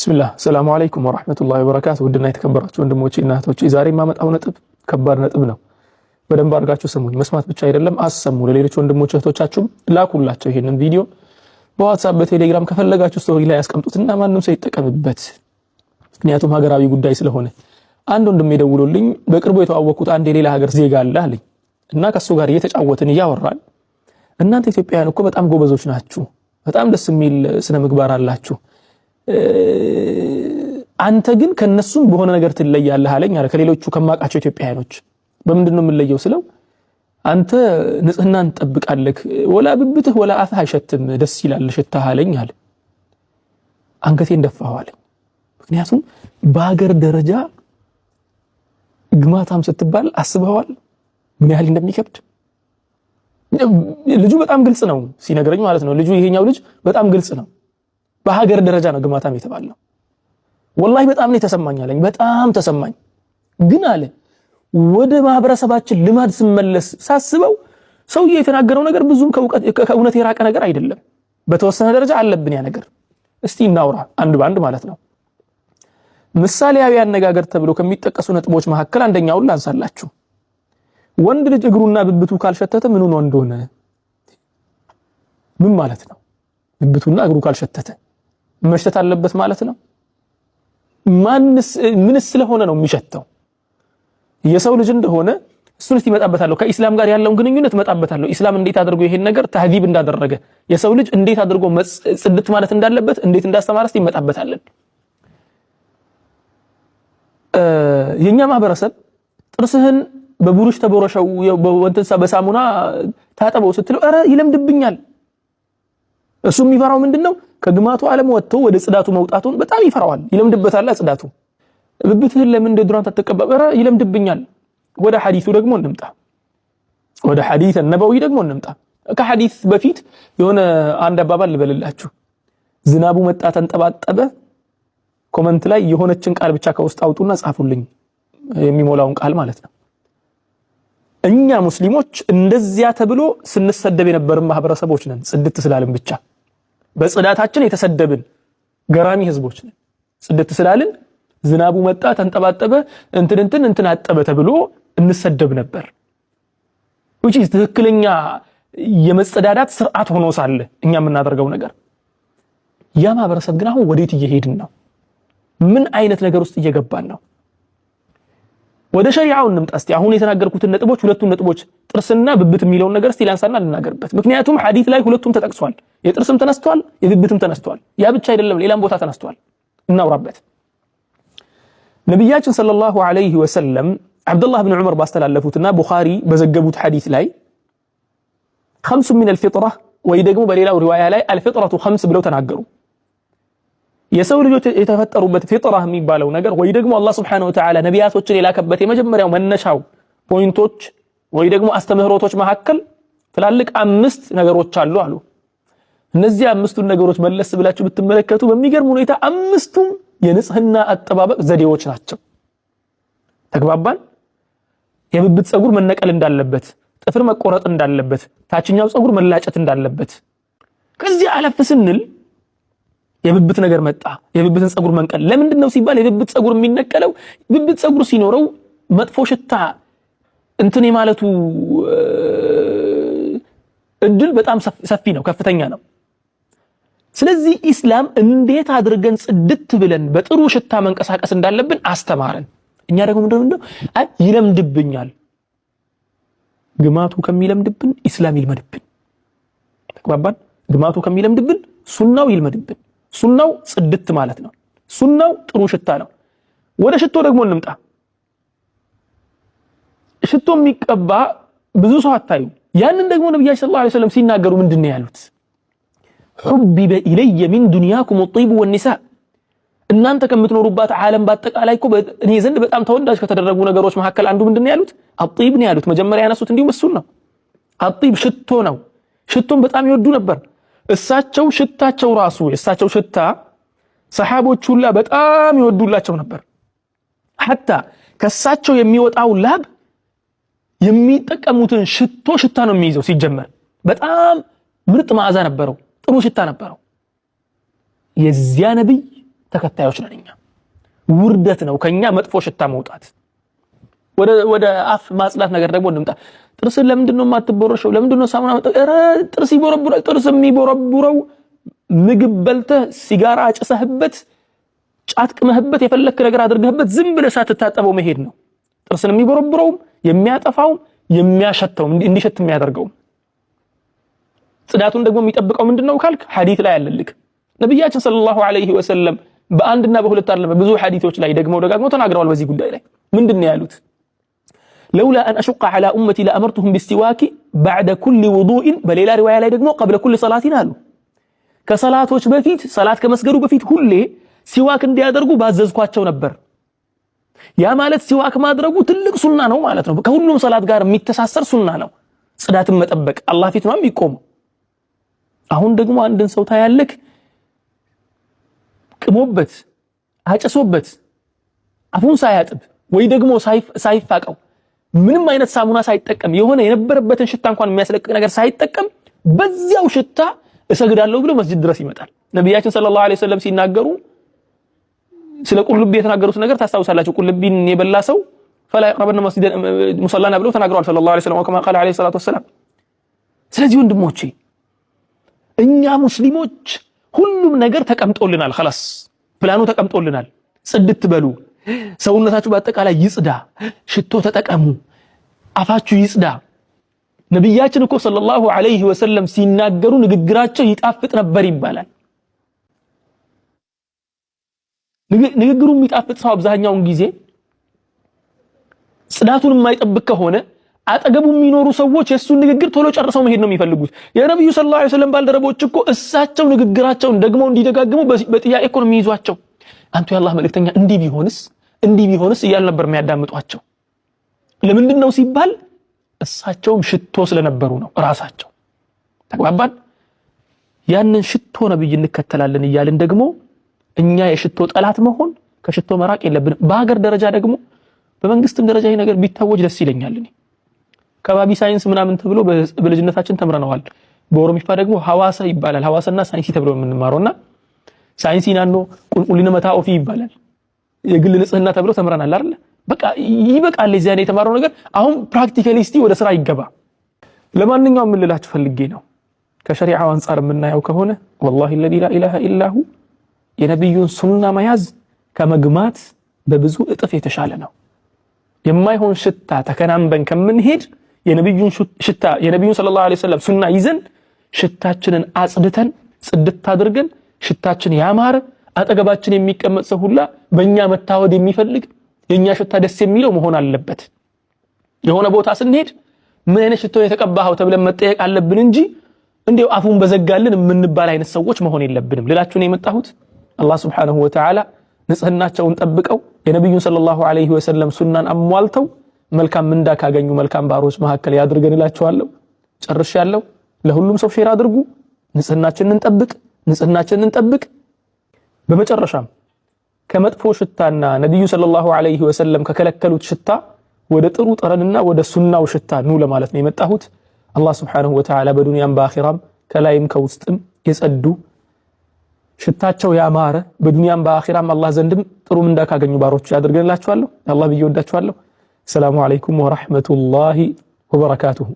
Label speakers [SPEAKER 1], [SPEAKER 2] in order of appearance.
[SPEAKER 1] ብስሚላህ ሰላሙ አለይኩም ወራህመቱላሂ ወበረካቱ። ውድና የተከበራችሁ ወንድሞቼ እና እህቶቼ ዛሬ የማመጣው ነጥብ ከባድ ነጥብ ነው። በደንብ አድርጋችሁ ስሙኝ። መስማት ብቻ አይደለም አሰሙ። ለሌሎች ወንድሞች እህቶቻችሁም ላኩላቸው ይህንን ቪዲዮ በዋትሳፕ በቴሌግራም ከፈለጋችሁ ስቶሪ ላይ ያስቀምጡትና ማንም ሰው ይጠቀምበት። ምክንያቱም ሀገራዊ ጉዳይ ስለሆነ አንድ ወንድም ደውሎልኝ በቅርቡ የተዋወቅኩት አንድ የሌላ ሀገር ዜጋ አለ አለኝ እና ከሱ ጋር እየተጫወትን እያወራን እናንተ ኢትዮጵያውያን እኮ በጣም ጎበዞች ናችሁ፣ በጣም ደስ የሚል ስነ ምግባር አላችሁ አንተ ግን ከነሱም በሆነ ነገር ትለያለህ አለኝ አለ። ከሌሎቹ ከማውቃቸው ኢትዮጵያውያኖች በምንድን ነው የምለየው ስለው አንተ ንጽህናን ትጠብቃለህ፣ ወላ ብብትህ ወላ አፍህ አይሸትም፣ ደስ ይላል ሽታህ አለኝ አለ። አንገቴን ደፋሁ አለኝ። ምክንያቱም በሀገር ደረጃ ግማታም ስትባል አስበዋል ምን ያህል እንደሚከብድ ልጁ በጣም ግልጽ ነው ሲነግረኝ ማለት ነው። ልጁ ይሄኛው ልጅ በጣም ግልጽ ነው። በሀገር ደረጃ ነው ግማታም የተባለው። ወላሂ በጣም ነው ተሰማኝ አለኝ። በጣም ተሰማኝ ግን አለ ወደ ማህበረሰባችን ልማድ ስመለስ ሳስበው ሰውዬ የተናገረው ነገር ብዙም ከእውነት የራቀ ነገር አይደለም። በተወሰነ ደረጃ አለብን ያ ነገር። እስቲ እናውራ አንድ በአንድ ማለት ነው። ምሳሌያዊ አነጋገር ተብሎ ከሚጠቀሱ ነጥቦች መካከል አንደኛውን ላንሳላችሁ። ወንድ ልጅ እግሩና ብብቱ ካልሸተተ ምኑን ወንድ ሆነ? ምን ማለት ነው? ብብቱና እግሩ ካልሸተተ መሽተት አለበት ማለት ነው? ማንስ ምንስ ስለሆነ ነው የሚሸተው? የሰው ልጅ እንደሆነ እሱን እስቲ ከኢስላም ጋር ያለውን ግንኙነት እመጣበታለሁ። ኢስላም እንዴት አድርጎ ይሄን ነገር ተህዚብ እንዳደረገ የሰው ልጅ እንዴት አድርጎ ጽድት ማለት እንዳለበት እንዴት እንዳስተማረ እስቲ እመጣበታለን። የኛ ማህበረሰብ ጥርስህን በቡሩሽ ተቦረሸው ወንትሳ በሳሙና ታጠበው ስትለው ኧረ ይለምድብኛል። እሱ የሚፈራው ምንድነው? ከግማቱ ዓለም ወጥቶ ወደ ጽዳቱ መውጣቱን በጣም ይፈራዋል። ይለምድበታል። ጽዳቱ ብብትህን ለምን እንደ ተተቀበበረ ይለምድብኛል። ወደ ሐዲሱ ደግሞ እንምጣ። ወደ ሐዲስ ነበዊ ደግሞ እንምጣ። ከሐዲስ በፊት የሆነ አንድ አባባል ልበልላችሁ። ዝናቡ መጣ ተንጠባጠበ። ኮመንት ላይ የሆነችን ቃል ብቻ ከውስጥ አውጡና ጻፉልኝ፣ የሚሞላውን ቃል ማለት ነው። እኛ ሙስሊሞች እንደዚያ ተብሎ ስንሰደብ የነበርን ማህበረሰቦች ነን፣ ጽድት ስላልን ብቻ በጽዳታችን የተሰደብን ገራሚ ህዝቦች ነን። ጽድት ስላልን ዝናቡ መጣ፣ ተንጠባጠበ፣ እንትን እንትን እንትን አጠበ ተብሎ እንሰደብ ነበር። which ትክክለኛ የመጸዳዳት ስርዓት ሆኖ ሳለ እኛ የምናደርገው ነገር ያ ማህበረሰብ ግን አሁን ወዴት እየሄድን ነው? ምን አይነት ነገር ውስጥ እየገባን ነው? ወደ ሸሪዓው እንምጣ እስቲ። አሁን የተናገርኩትን ነጥቦች ሁለቱን ነጥቦች ጥርስና ብብት የሚለውን ነገር እስቲ ላንሳና ልናገርበት። ምክንያቱም ሐዲት ላይ ሁለቱም ተጠቅሷል። የጥርስም ተነስቷል፣ የብብትም ተነስቷል። ያ ብቻ አይደለም፣ ሌላም ቦታ ተነስቷል። እናውራበት። ነቢያችን ሰለላሁ ዐለይሂ ወሰለም ዐብዱላህ ብን ዑመር ባስተላለፉትና ቡኻሪ በዘገቡት ሐዲት ላይ ኸምሱ ሚነል ፊጥራ ወይ ደግሞ በሌላው ሪዋያ ላይ አልፊጥረቱ ኸምስ ብለው ተናገሩ። የሰው ልጆች የተፈጠሩበት ፊጥራ የሚባለው ነገር ወይ ደግሞ አላህ Subhanahu Wa Ta'ala ነቢያቶችን የላከበት የመጀመሪያው መነሻው ፖይንቶች ወይ ደግሞ አስተምህሮቶች መካከል ትላልቅ አምስት ነገሮች አሉ አሉ። እነዚህ አምስቱን ነገሮች መለስ ብላችሁ ብትመለከቱ በሚገርም ሁኔታ አምስቱም የንጽህና አጠባበቅ ዘዴዎች ናቸው። ተግባባን? የብብት ፀጉር መነቀል እንዳለበት፣ ጥፍር መቆረጥ እንዳለበት፣ ታችኛው ፀጉር መላጨት እንዳለበት ከዚህ አለፍ ስንል የብብት ነገር መጣ። የብብትን ጸጉር መንቀል ለምንድን ነው ሲባል የብብት ጸጉር የሚነቀለው ብብት ጸጉር ሲኖረው መጥፎ ሽታ እንትን የማለቱ እድል በጣም ሰፊ ነው፣ ከፍተኛ ነው። ስለዚህ ኢስላም እንዴት አድርገን ጽድት ብለን በጥሩ ሽታ መንቀሳቀስ እንዳለብን አስተማረን። እኛ ደግሞ ምንድነው እንደው ይለምድብኛል። ግማቱ ከሚለምድብን ኢስላም ይልመድብን። ተግባባን። ግማቱ ከሚለምድብን ሱናው ይልመድብን። ሱናው ጽድት ማለት ነው። ሱናው ጥሩ ሽታ ነው። ወደ ሽቶ ደግሞ እንምጣ። ሽቶ የሚቀባ ብዙ ሰው አታዩ። ያንን ደግሞ ነቢያችን ሰለላሁ ዐለይሂ ወሰለም ሲናገሩ ምንድን ነው ያሉት? ሑቢበ ኢለየ ሚን ዱንያኩም ወጢቡ ወኒሳ። እናንተ ከምትኖሩባት ዓለም በአጠቃላይ እኔ ዘንድ በጣም ተወዳጅ ከተደረጉ ነገሮች መካከል አንዱ ምንድን ነው ያሉት? አጢብ ነው ያሉት። መጀመሪያ ያነሱት እንዲሁም እሱን ነው። አጢብ ሽቶ ነው። ሽቶን በጣም ይወዱ ነበር። እሳቸው ሽታቸው ራሱ የእሳቸው ሽታ ሰሓቦች ሁላ በጣም ይወዱላቸው ነበር። ሐታ ከእሳቸው የሚወጣው ላብ የሚጠቀሙትን ሽቶ ሽታ ነው የሚይዘው። ሲጀመር በጣም ምርጥ መዓዛ ነበረው፣ ጥሩ ሽታ ነበረው። የዚያ ነቢይ ተከታዮች ነን እኛ። ውርደት ነው ከእኛ መጥፎ ሽታ መውጣት። ወደ አፍ ማጽዳት ነገር ደግሞ እንምጣ። ጥርስን ለምንድን ነው የማትቦረሸው? ለምንድን ነው ሳሙና ኧረ ጥርስ ይቦረቡራል። ጥርስ የሚቦረቡረው ምግብ በልተህ ሲጋራ አጨሰህበት ጫት ቅመህበት የፈለክ ነገር አድርገህበት ዝም ብለህ ሳትታጠበው መሄድ ነው። ጥርስን የሚቦረቡረውም የሚያጠፋውም የሚያሸተውም እንዲሸት የሚያደርገውም ጽዳቱን ደግሞ የሚጠብቀው ምንድነው ካልክ ሐዲት ላይ አለልክ ነቢያችን ሰለላሁ ዐለይሂ ወሰለም በአንድና በሁለት አይደለም ብዙ ሐዲቶች ላይ ደግሞ ደጋግሞ ተናግረዋል። በዚህ ጉዳይ ላይ ምንድነው ያሉት? ለውላ አን አሹቃ ዐላ ኡመቲ ለአመርቱሁም ቢስቲዋኪ ባዕደ ኩሊ ውዱእን። በሌላ ሪዋያ ላይ ደግሞ ቀብለ ኩል ሰላቲን አሉ። ከሰላቶች በፊት ሰላት ከመስገዱ በፊት ሁሌ ሲዋክ እንዲያደርጉ ባዘዝኳቸው ነበር። ያ ማለት ሲዋክ ማድረጉ ትልቅ ሱና ነው ማለት ነው። ከሁሉም ሰላት ጋር የሚተሳሰር ሱና ነው። ጽዳትን መጠበቅ አላህ ፊት ነው የሚቆመው። አሁን ደግሞ አንድን ሰው ታያለክ ቅሞበት አጨሶበት አፉን ሳያጥብ ወይ ደግሞ ሳይፋቀው ምንም አይነት ሳሙና ሳይጠቀም የሆነ የነበረበትን ሽታ እንኳን የሚያስለቅቅ ነገር ሳይጠቀም በዚያው ሽታ እሰግዳለሁ ብሎ መስጅድ ድረስ ይመጣል። ነቢያችን ሰለላሁ ዐለይሂ ወሰለም ሲናገሩ ስለ ቁልቢ የተናገሩት ነገር ታስታውሳላችሁ። ቁልቢን የበላ ሰው ፈላ የቅረበነ መስጂደን ሙሰላና ብለው ተናግረዋል ሰለላሁ ዐለይሂ ወሰለም ከማ ቃለ ዐለይሂ ሰላቱ ወሰላም። ስለዚህ ወንድሞቼ እኛ ሙስሊሞች ሁሉም ነገር ተቀምጦልናል። ኸላስ ፕላኑ ተቀምጦልናል። ጽድት በሉ ሰውነታችሁ በአጠቃላይ ይጽዳ፣ ሽቶ ተጠቀሙ፣ አፋችሁ ይጽዳ። ነቢያችን እኮ ሰለላሁ ዐለይሂ ወሰለም ሲናገሩ ንግግራቸው ይጣፍጥ ነበር ይባላል። ንግግሩ የሚጣፍጥ ሰው አብዛኛውን ጊዜ ጽዳቱን የማይጠብቅ ከሆነ አጠገቡ የሚኖሩ ሰዎች የእሱን ንግግር ቶሎ ጨርሰው መሄድ ነው የሚፈልጉት። የነቢዩ ሰለላሁ ዐለይሂ ወሰለም ባልደረቦች እኮ እሳቸው ንግግራቸውን ደግሞ እንዲደጋግሙ በጥያቄ እኮ ነው የሚይዟቸው። አንቱ የአላህ መልእክተኛ እንዲህ ቢሆንስ እንዲህ ቢሆንስ እያሉ ነበር የሚያዳምጧቸው። ለምንድን ነው ሲባል እሳቸውም ሽቶ ስለነበሩ ነው ራሳቸው። ተግባባን። ያንን ሽቶ ነብይ እንከተላለን እያልን ደግሞ እኛ የሽቶ ጠላት መሆን ከሽቶ መራቅ የለብንም። በሀገር ደረጃ ደግሞ በመንግስትም ደረጃ ይህ ነገር ቢታወጅ ደስ ይለኛል። እኔ ከባቢ ሳይንስ ምናምን ተብሎ በልጅነታችን ተምረነዋል። በኦሮሚፋ ደግሞ ሐዋሳ ይባላል። ሐዋሳና ሳይንሲ ተብሎ የምንማረውና ሳይንሲ ናኖ ቁልቁሊን መታ ኦፊ ይባላል። የግል ንጽህና ተብለው ተምረናል አይደል? በቃ ይበቃል። እዚያ ላይ የተማረው ነገር አሁን ፕራክቲካሊ እስቲ ወደ ስራ ይገባ። ለማንኛውም የምልላችሁ ፈልጌ ነው ከሸሪዓው አንጻር የምናየው ከሆነ ወላሂ ለዚ ላ ኢላሃ ኢላሁ የነቢዩን ሱና መያዝ ከመግማት በብዙ እጥፍ የተሻለ ነው። የማይሆን ሽታ ተከናንበን ከምንሄድ የነቢዩን ሽታ የነቢዩን ሰለላሁ ዐለይሂ ወሰለም ሱና ይዘን ሽታችንን አጽድተን ጽድት አድርገን ሽታችን ያማረ አጠገባችን የሚቀመጥ ሰው ሁላ በእኛ መታወድ የሚፈልግ የእኛ ሽታ ደስ የሚለው መሆን አለበት። የሆነ ቦታ ስንሄድ ምን አይነት ሽቶ የተቀባኸው ተብለን መጠየቅ አለብን እንጂ እንዲሁ አፉን በዘጋልን የምንባል አይነት ሰዎች መሆን የለብንም ልላችሁ ነው የመጣሁት። አላህ ሱብሓነሁ ወተዓላ ንጽህናቸውን ጠብቀው የነቢዩን ሰለላሁ ዐለይሂ ወሰለም ሱናን አሟልተው መልካም ምንዳ ካገኙ መልካም ባሮች መካከል ያድርገን እላችኋለሁ። ጨርሻለሁ። ለሁሉም ሰው ሼር አድርጉ። ንጽህናችንን እንጠብቅ፣ ንጽህናችንን እንጠብቅ። በመጨረሻም ከመጥፎ ሽታና ነቢዩ ሰለላሁ ዐለይሂ ወሰለም ከከለከሉት ሽታ ወደ ጥሩ ጠረንና ወደ ሱናው ሽታ ኑ ለማለት ነው የመጣሁት። አላህ ስብሓነሁ ወተዓላ በዱንያም በአኺራም ከላይም ከውስጥም የጸዱ ሽታቸው ያማረ በዱንያም በአኺራም አላህ ዘንድም ጥሩ ምንዳ ካገኙ ባሮች ያድርገንላችኋለሁ። አላህ ብዬ ወዳችኋለሁ። ሰላሙ ዐለይኩም ወረሕመቱላሂ ወበረካቱሁ።